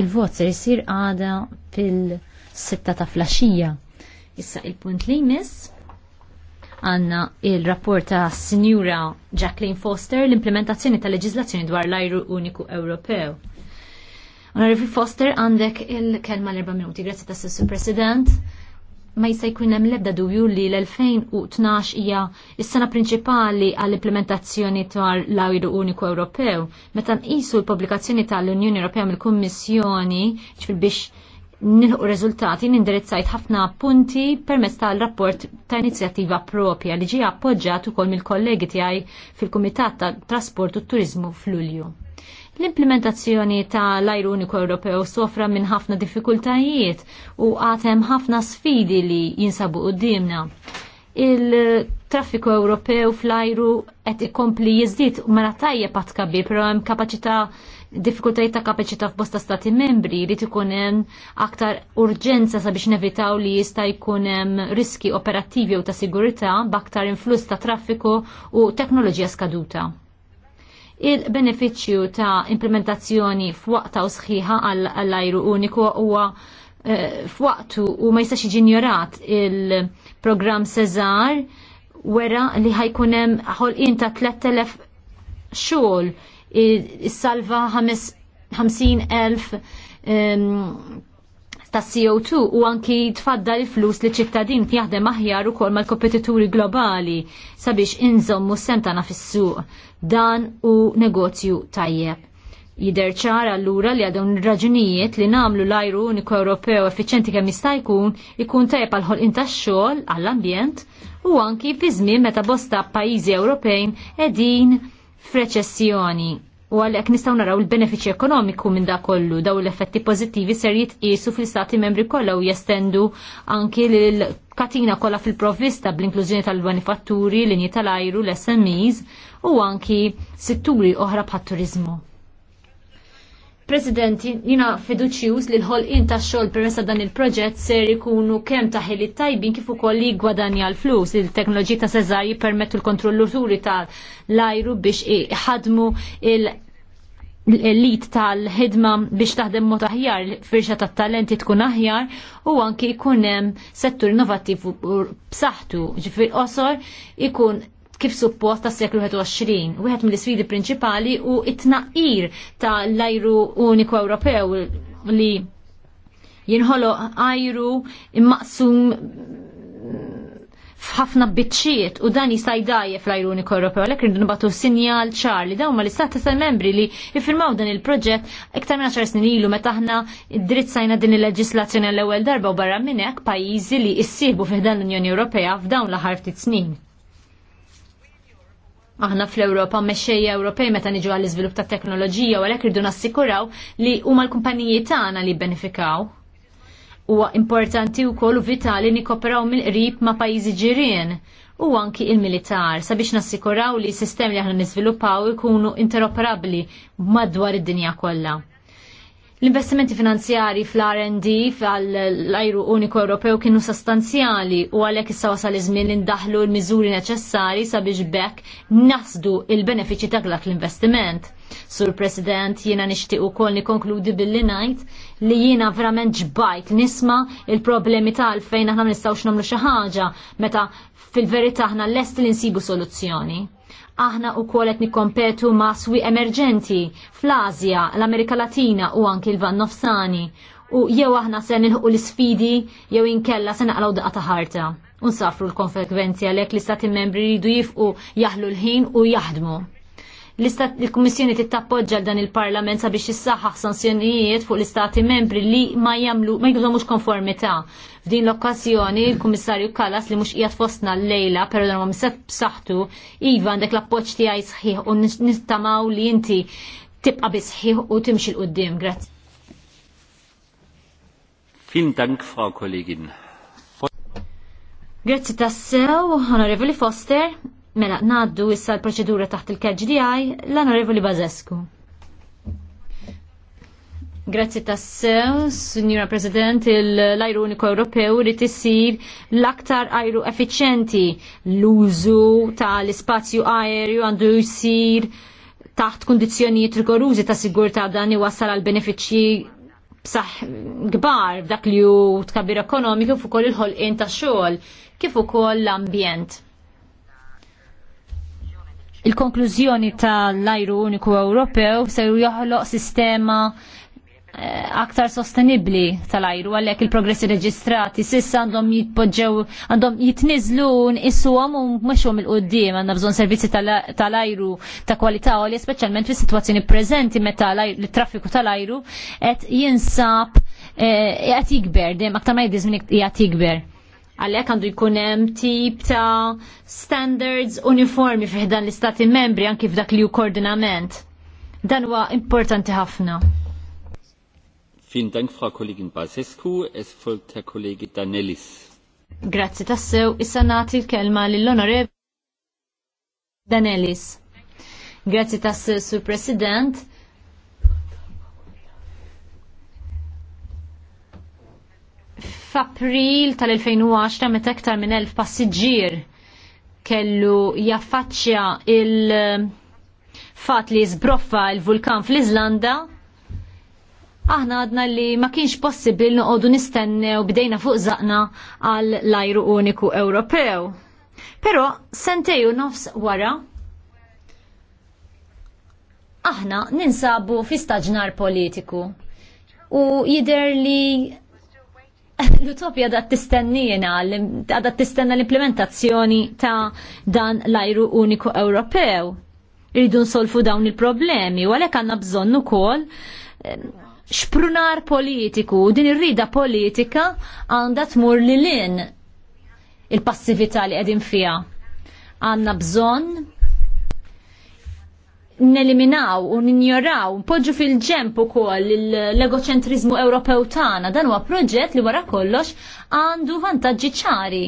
il-vot ser jisir għada fil-sitta ta' flasġija. Issa il-punt li jmiss għanna il-rapport ta' Sinjura Jacqueline Foster l-implementazzjoni ta' leġizlazzjoni dwar l-ajru uniku Ewropew. Onorevoli Foster, għandek il-kelma l erba minuti. Grazie ta' President ma jista' jkun hemm l-ebda dubju li l-2012 hija s-sena prinċipali għall-implementazzjoni tal l-Awdu Uniku Ewropew. Meta nqisu l-pubblikazzjoni tal-Unjoni Ewropea mill-Kummissjoni ġifil biex nilħu riżultati nindirizzajt ħafna punti permezz tal-rapport ta' inizjattiva propja li ġie appoġġjat ukoll mill-kollegi tiegħi fil-Kumitat tal Trasport u Turiżmu fl-Ulju. L-implementazzjoni ta' l-ajru uniku Ewropew sofra minn ħafna diffikultajiet u għatem ħafna sfidi li jinsabu dimna. Il-traffiku Ewropew fl-ajru qed ikompli jiżdied u mara tajjeb għad kabbi, però hemm kapaċità diffikultajiet ta' kapaċità f'bosta stati membri li ikun hemm aktar urġenza sabiex nevitaw li jista' jkun hemm riski operattivi u ta' sigurità b'aktar influss ta' traffiku u teknoloġija skaduta. Il-beneficju ta' implementazzjoni f'waqta u sħiħa għall-ajru uniku huwa eh, f'waqtu u ma jistax iġinjorat il-programm Cesar wera li ħajkun hemm ħolqien ta' 3000 xogħol is-salva 50,000 ta' CO2 u anki tfadda l flus li ċittadin jaħdem aħjar ukoll mal-kompetituri globali sabiex inżommu semtana fis-suq. Dan u negozju tajjeb. Jider ċara allura li għadhom raġunijiet li namlu l-ajru uniku Ewropew effiċenti kemm jista' jkun ikun tajjeb għal ħolqin tax-xogħol għall-ambjent u anki fi żmien meta bosta pajjiżi Ewropejn qegħdin f'reċessjoni U għalhekk nistgħu naraw il-benefiċi ekonomiku minn dak kollu daw l-effetti pozittivi ser jitqisu fl-istati membri kollha u jestendu anki l katina kollha fil-provvista bl-inklużjoni tal-manifatturi, linji tal-ajru, l-SMEs u anki setturi oħra bħat-turizmu. President, jina fiduċjus li l-ħolqin ta' xol permessa dan il-proġett ser ikunu kem ta' ħilit tajbin kif ukoll li gwadanja l-flus. Il-teknoloġi ta' Sezar jippermettu l-kontrolluturi ta' l-ajru biex iħadmu il- l-elit tal-ħidma biex taħdem mod aħjar, firxa tat talenti tkun aħjar u anki jkun hemm settur innovattiv b'saħħtu ġifir qosor ikun kif suppost ta' seklu 21. Wieħed mill-isfidi prinċipali u it-tnaqqir ta' l-ajru uniku Ewropew li jinħolo ajru immaqsum f'ħafna bitċiet u dan jista' jdajje fl-ajru uniku Ewropew għalhekk rridu nibgħatu sinjal ċar li dawn mal-istat ta' membri li jiffirmaw dan il-proġett iktar minn 10 snin ilu meta aħna ddrizzajna din il-leġislazzjoni l-ewwel darba u barra minn hekk pajjiżi li issieħbu fih dan l-Unjoni Ewropea f'dawn l-aħħar ftit snin aħna fl-Ewropa mexxejja Ewropej meta niġu għall iżvilupp ta' teknoloġija u għalhekk irdu nassikuraw li huma l-kumpaniji tagħna li jbenefikaw. Huwa importanti wkoll u vitali nikoperaw mill-qrib ma' pajjiżi ġirien u anki il-militar sabiex nassikuraw li s-sistemi li aħna niżviluppaw ikunu interoperabbli madwar id-dinja kollha. L-investimenti finanzjari fl-R&D fl-ajru uniku Ewropew kienu sostanzjali u għalhekk issa wasal iż-żmien li ndaħlu l-miżuri neċessari sabiex bekk nasdu il-benefiċi ta' dak l-investiment. Sur President, jiena nixtieq ukoll nikkonkludi billi ngħid li jiena verament ġbajt nisma il-problemi tal fejn aħna ma nistgħux nagħmlu xi ħaġa meta fil-verità aħna lest li nsibu soluzzjoni. Aħna u kolet nikompetu ma' swi emerġenti fl-Azja, l-Amerika Latina u anki l-Van Nofsani. U jew aħna se nilħu l-sfidi jew inkella se naqlaw daqqa ta' ħarta. Unsafru l-konsekvenzi għalhekk li stati membri jridu jifqu jaħlu l-ħin u jaħdmu il-Kummissjoni tittappoġġa dan il-Parlament sabiex jissaħħaħ sanzjonijiet fuq l-Istati membri li ma jagħmlu ma jgħidhomux konformità. F'din l okkażjoni l kummissarju Kallas li mhux qiegħed fostna l-lejla, però dan ma misset b'saħħtu, iva għandek l-appoġġ tiegħi sħiħ u nittamaw li inti tibqa' bisħiħ u timxi l qudiem Grazzi. Fin Dank, Frau Kollegin. Grazzi tassew, onorevoli Foster, Mela, naddu issa l-proċedura taħt il-KGDI l-Onorevoli Bazescu. Grazzi tassew, Signora President, l-ajru uniku Ewropew li tissir l-aktar ajru efficienti l-użu tal-ispazju aerju għandu jisir taħt kondizjonijiet rigorużi ta' sigurta dan iwassal għal benefiċċji b'saħ gbar dak li hu tkabbir ekonomiku fuq il-ħolqien ta' xogħol kif ukoll l-ambjent Il-konklużjoni tal-ajru uniku Ewropew se joħloq sistema eh, aktar sostenibli tal-ajru għalhekk il-progressi reġistrati sissa għandhom jitpoġġew għandhom jitniżlu nqisuhom u mhexhom il-qudiem għandna bżonn servizzi tal-ajru ta' kwalità għolja speċjalment fis-sitwazzjoni preżenti meta l-traffiku tal-ajru qed jinsab eh, qed jikber dejjem aktar ma jiddiż minn qiegħed jikber għalhekk għandu jkun hemm tip ta' standards uniformi fih dan l-istati membri anki f'dak li hu koordinament. Dan huwa importanti ħafna. Vielen Dank, Frau Kollegin Basescu. Es folgt Herr Kollege Danellis. Grazzi tassew, issa nagħti l-kelma lill-Onorev Danellis. Grazzi tassew, Sur President F'April tal-2010 meta aktar minn elf passiġġier kellu jaffaċċja il eh, fat li zbroffa il-vulkan fl-Iżlanda, aħna għadna li ma kienx possibil noqogħdu nistennew bdejna fuq zaqna għal l-ajru uniku Ewropew. Però sentejju nofs wara aħna ninsabu fi staġnar politiku u jider li l-utopja da tistennijena, da tistenna l-implementazzjoni ta' dan l-ajru uniku Ewropew. Irridu nsolfu dawn il-problemi, u għalek għanna bżonnu kol xprunar politiku, din irrida politika għanda tmur li l-in il-passivita li għedin fija. Għanna bżon neliminaw u ninjoraw, poġġu fil-ġemp ukoll l egocentrizmu Ewropew tagħna dan huwa proġett li wara kollox għandu vantaġġi ċari.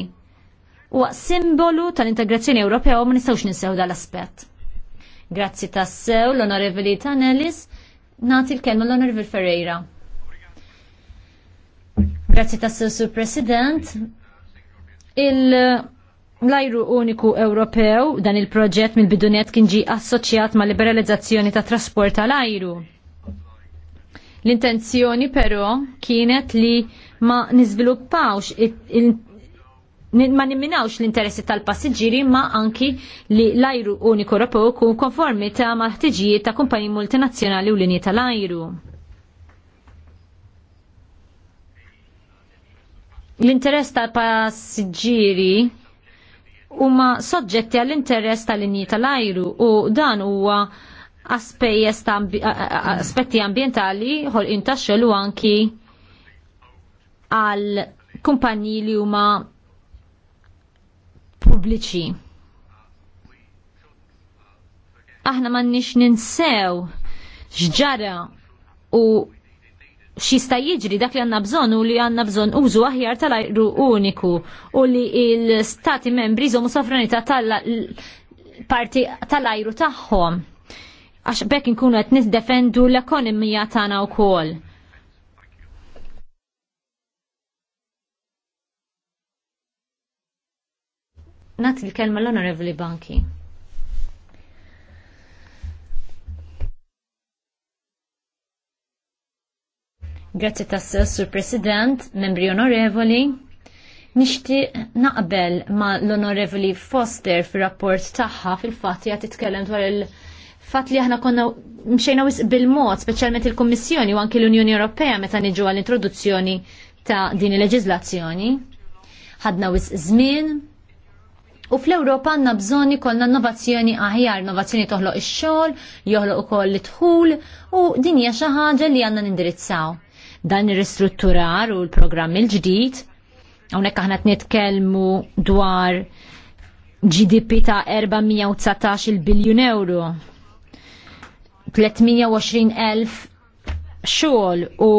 U simbolu tal-integrazzjoni Ewropew ma nistgħux ninsew dal-aspett. Grazzi tassew l-Onorevoli Tanelis, nagħti l-kelma l-Onorevoli Ferreira. Grazzi tassew, Sur President. Il- L-ajru uniku Ewropew dan il-proġett mill-bidunet kien ġi assoċjat ma' liberalizzazzjoni ta' trasport tal-ajru. L-intenzjoni però kienet li ma niżviluppawx ma nimminawx l-interessi tal-passiġġieri ma anki li l-ajru uniku Ewropew kun konformi ta' maħtiġijiet ħtiġijiet ta' kumpaniji multinazzjonali u linji tal-ajru. L-interess tal-passiġġieri huma soġġetti għall-interess tal-linji tal-ajru u dan huwa aspetti ambientali ħolqien tax anki għal kumpanji li huma pubbliċi. Aħna m'għandniex ninsew x'ġara u xista jiġri dak li għanna bżon u li għanna bżon użu aħjar tal-ajru uniku u li il-stati membri zomu sovranità tal-parti tal-ajru tagħhom. Għax bekk nkunu qed nisdefendu l-ekonomija tagħna wkoll. Nati l-kelma l-Onorevoli Banki. Grazzi tassew, Sur President, membri onorevoli. Nixtieq naqbel ma l-onorevoli Foster fir rapport tagħha fil-fatt jgħat titkellem dwar il-fatt li aħna konna mxejna bil-mod, speċjalment il-Kummissjoni u anki l-Unjoni Ewropea meta niġu għall-introduzzjoni ta' din il-leġiżlazzjoni. Ħadna wis żmien u fl-Ewropa għandna bżonn ikollna innovazzjoni aħjar, innovazzjoni toħloq ix-xogħol, joħloq ukoll l-dħul u din hija xi ħaġa li għandna nindirizzaw dan ir-ristrutturar u l-programm il-ġdid. Hawnhekk aħna nitkellmu dwar GDP ta' 419 biljun euro. 320 elf xogħol u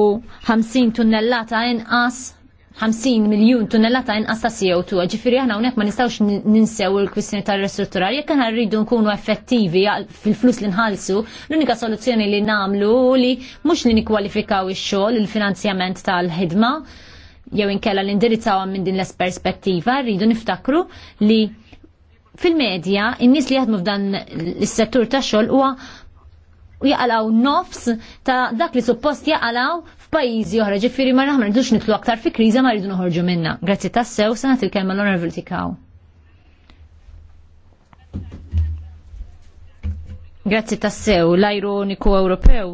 50 tunnellata inqas 50 miljun tunnellata inqas ta' CO2, ġifiri aħna hawnhekk ma nistgħux ninsew il-kwistjoni tar-ristrutturar. Jekk aħna rridu nkunu effettivi fil-flus li nħallsu, l-unika soluzzjoni li nagħmlu li mhux li nikkwalifikaw ix-xogħol il-finanzjament tal-ħidma jew inkella li indirizzawha minn din l-perspettiva, rridu niftakru li fil-medja in-nies li jaħdmu f'dan is-settur tax-xogħol huwa jaqalaw nofs ta' dak li suppost jaqalaw f'pajjiżi oħra ġifieri ma naħmel nidux nitlu aktar fi kriża ma rridu noħorġu minnha. Grazzi tassew sa nagħti l-kelma onorevoli Tikaw. Grazzi tassew, l-ajru uniku Ewropew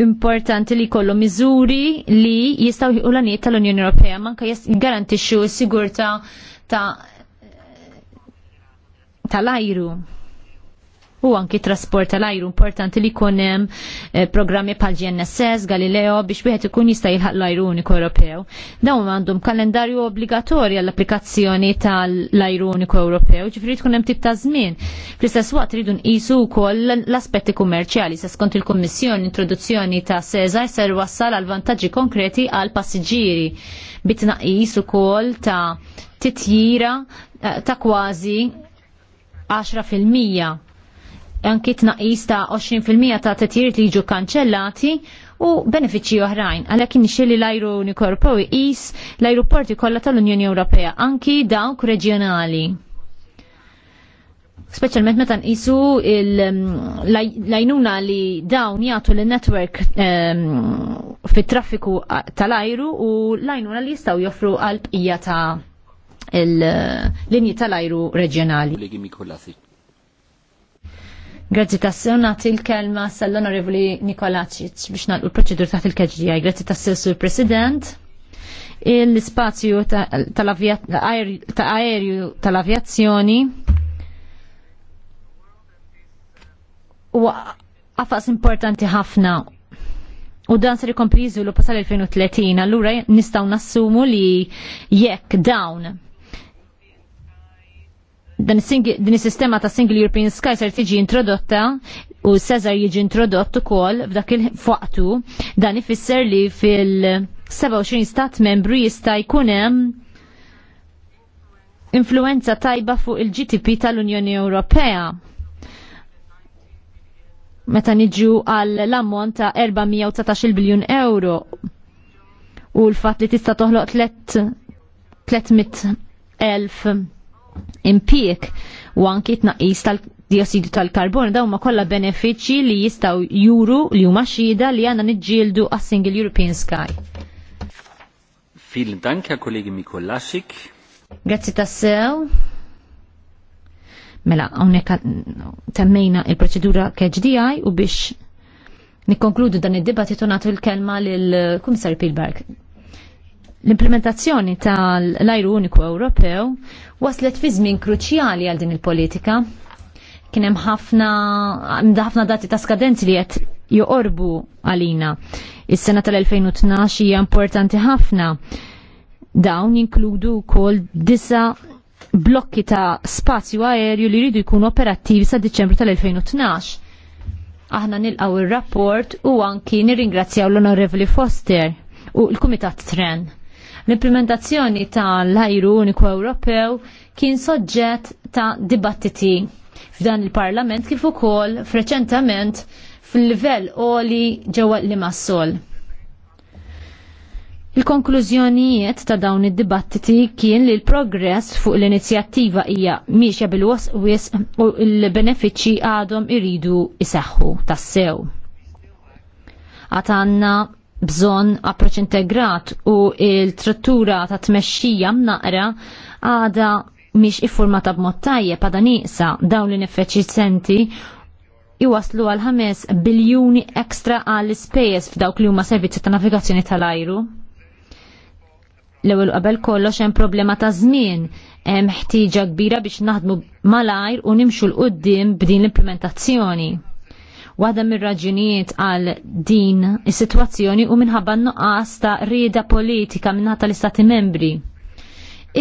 importanti li kollu miżuri li jistaw u l-għaniet tal-Unjoni Ewropea manka jgarantixxu s-sigurta ta' tal-ajru. Ta u anki trasport tal-ajru importanti li jkun hemm eh, programmi pal GNSS, Galileo biex wieħed ikun jista' jilħaq l-ajru uniku Ewropew. Dawn għandhom kalendarju obbligatorju għall-applikazzjoni tal-ajru uniku Ewropew, ġifieri tkun hemm tip ta' żmien. Fl-istess waqt ridu nqisu wkoll l-aspetti kummerċjali se skont il-Kummissjoni introduzzjoni ta' Seza jser wassal għal vantaġġi konkreti għal passiġġieri bitnaqis ukoll ta' titjira eh, ta' kważi 10 fil-mija anki tnaqis ta' 20% ta' tetjiriet li jiġu kanċellati u benefiċċji oħrajn. Għalhekk nixxieli l-ajru nikorpo is l-ajruporti kollha tal-Unjoni Ewropea, anki dawk reġjonali. Speċjalment meta nqisu l-għajnuna mm, li dawn jagħtu l-network ehm, fit-traffiku tal-ajru u l-għajnuna li jistgħu joffru għal bqija ta' l-linji tal-ajru reġjonali. Grazzi tassew nagħti l-kelma sall-Onorevoli Nikolaċic biex nagħlqu l-proċedur taħt il-KGI. Grazzi tassew sur President. Il-spazju ta' aerju tal-avjazzjoni huwa qafas importanti ħafna u dan ser ikompli jiżviluppa u 2030 allura nistgħu nassumu li jekk dawn din is-sistema ta' Single European Sky ser tiġi introdotta u Cesar jiġi introdott ukoll f'dak il-fuqtu dan ifisser li fil-27 stat membru jista' jkun hemm influenza tajba fuq il-GTP tal-Unjoni Ewropea. Meta niġu għal l-ammont ta' 419 biljun euro u l-fat li tista' toħloq 300 elf impjieg u anki tnaqqis tal-diossidu tal-karbon da huma kollha benefiċċji li jistgħu juru li huma xhieda li għandna niġġieldu għas-Single European Sky. Vielen Dank, Herr Kollege Mikolasik. Grazzi tassew. Mela, hawnhekk temmejna il-proċedura KHDI u biex nikkonkludu dan id-dibattitu nagħtu l-kelma lill-Kummissar Pilberg. L-implementazzjoni tal-ajru uniku Ewropew waslet fi żmien kruċjali għal din il-politika. Kien hemm ħafna ħafna dati ta' skadenzi li qed joqorbu għalina. Is-sena tal-2012 hija importanti ħafna. Dawn jinkludu wkoll disa blokki ta' spazju aerju li jridu jkunu operattivi sa' Diċembru tal-2012. Aħna nilqaw ir rapport u anki nirringrazzjaw l-Onorevoli Foster u l-Kumitat Tren L-implementazzjoni ta' l-ajru uniku Ewropew kien soġġett ta' dibattiti f'dan il-Parlament kif ukoll freċentament fil-livell oli ġewwa l massol. Il-konklużjonijiet ta' dawn id-dibattiti kien li l-progress fuq l-inizjattiva hija miexja bil-wasqwis u l-benefiċċji għadhom iridu isaħħu tassew. Għatanna bżon approċ integrat u il-trattura ta' tmexxija mnaqra għada miex iffurmata b'mod tajjeb għada nieqsa dawn l senti iwaslu għal 5 biljuni ekstra għall ispejjeż f'dawk li huma servizzi ta' navigazzjoni tal-ajru. L-ewwel qabel kollox hemm problema ta' żmien, hemm ħtieġa kbira biex naħdmu mal-ajr u nimxu l qudiem b'din l-implementazzjoni. Waħda mir-raġunijiet għal din is-sitwazzjoni u minħabba nuqqas ta' rieda politika minnaħa tal-Istati membri.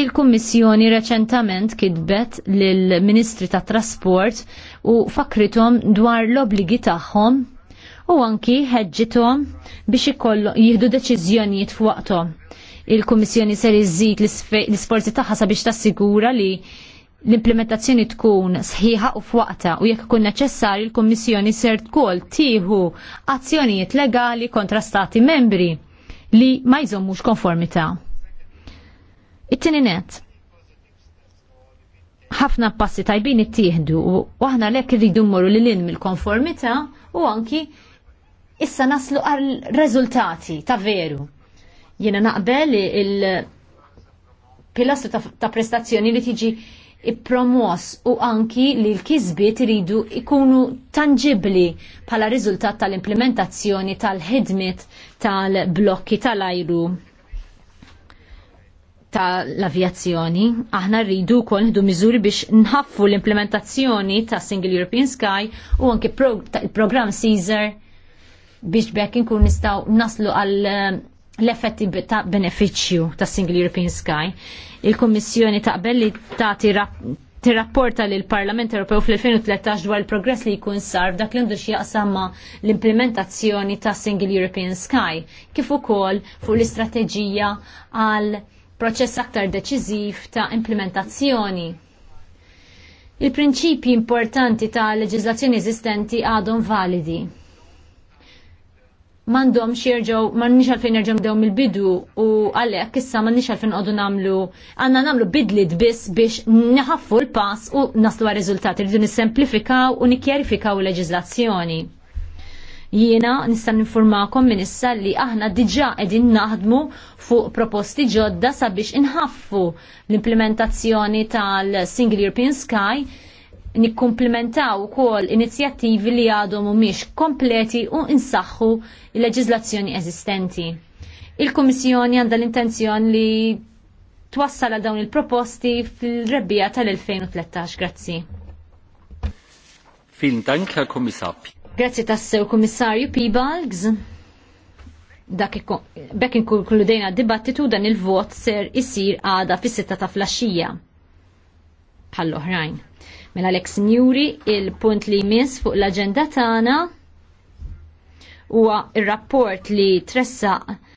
Il-Kummissjoni reċentament kidbet lill-Ministri tat Trasport u fakrithom dwar l-obligi tagħhom u anki ħeġġithom biex ikollu jieħdu deċiżjonijiet f'waqthom. Il-Kummissjoni ser iżid l-isforzi tagħha sabiex tassigura li l-implementazzjoni tkun sħiħa u f'waqta u jekk ikun neċessarju l-Kummissjoni ser tkoll tieħu azzjonijiet legali kontra stati membri li ma jżommux konformità. It-tieni net. Ħafna passi tajbin ittieħdu u aħna lek irridu mmorru lil in mill-konformità u anki issa naslu għal riżultati ta' veru. Jiena naqbel il-pilastru ta', ta prestazzjoni li tiġi ippromoss u anki li l-kizbiet iridu ikunu tangibli pala riżultat tal-implementazzjoni tal hidmit tal-blokki tal-ajru tal-avjazzjoni. Aħna rridu kol nħdu miżuri biex nħaffu l-implementazzjoni ta' Single European Sky u anki il-program Caesar biex bekk nkun nistaw naslu għal eh, l-effetti ta' beneficju ta' Single European Sky. Il-Kommissjoni taqbel li tagħti tirrapporta li l-Parlament Ewropew fl-2013 dwar il-progress li jkun sar dak li għandu jaqsam ma l-implementazzjoni ta' Single European Sky, kif ukoll fuq l-istrateġija għal proċess aktar deċiżiv ta' implementazzjoni. Il-prinċipji importanti ta' leġiżlazzjoni eżistenti għadhom validi mandom xirġaw, man nix għalfejn nerġaw daw mill-bidu u għalek issa man nix għalfejn għodu namlu, għanna namlu bidlit biss biex naħaffu l-pass u naslu għal rizultati, rridu nissemplifikaw u nikjerifikaw l-leġizlazzjoni. Jiena nista' ninformakom minn issa li aħna diġà qegħdin naħdmu fuq proposti ġodda sabiex inħaffu l-implementazzjoni tal-Single European Sky nikkumplimentaw ukoll inizjattivi li għadhom mhumiex kompleti u insaħħu l-leġiżlazzjoni eżistenti. Il-Kummissjoni għandha l-intenzjon li twassal għal dawn il-proposti fil-rebbija tal-2013. Grazzi. Fin Dank, Herr Kommissar. Grazzi tassew Kommissarju Pibalgs. Dak bekk inkludejna dibattitu dan il-vot ser isir għada fis-sitta ta' flaxxija bħall-oħrajn mill mela, l-ek il-punt li jmiss fuq l-agenda tagħna huwa ir-rapport li tressaq